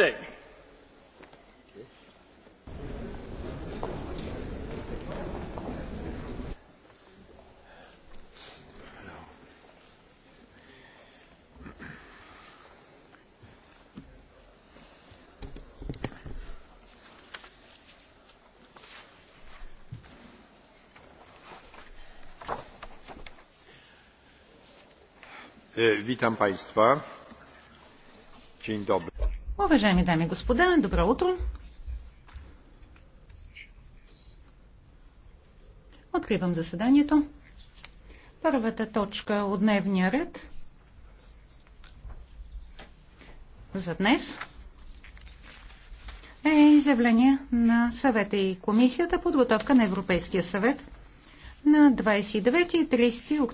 Singh. Witam Państwa. Dzień dobry. Уважаеми дами и господа, добро утро! Откривам заседанието. Първата точка от дневния ред за днес е изявление на съвета и комисията подготовка на Европейския съвет на 29 и 30 октября.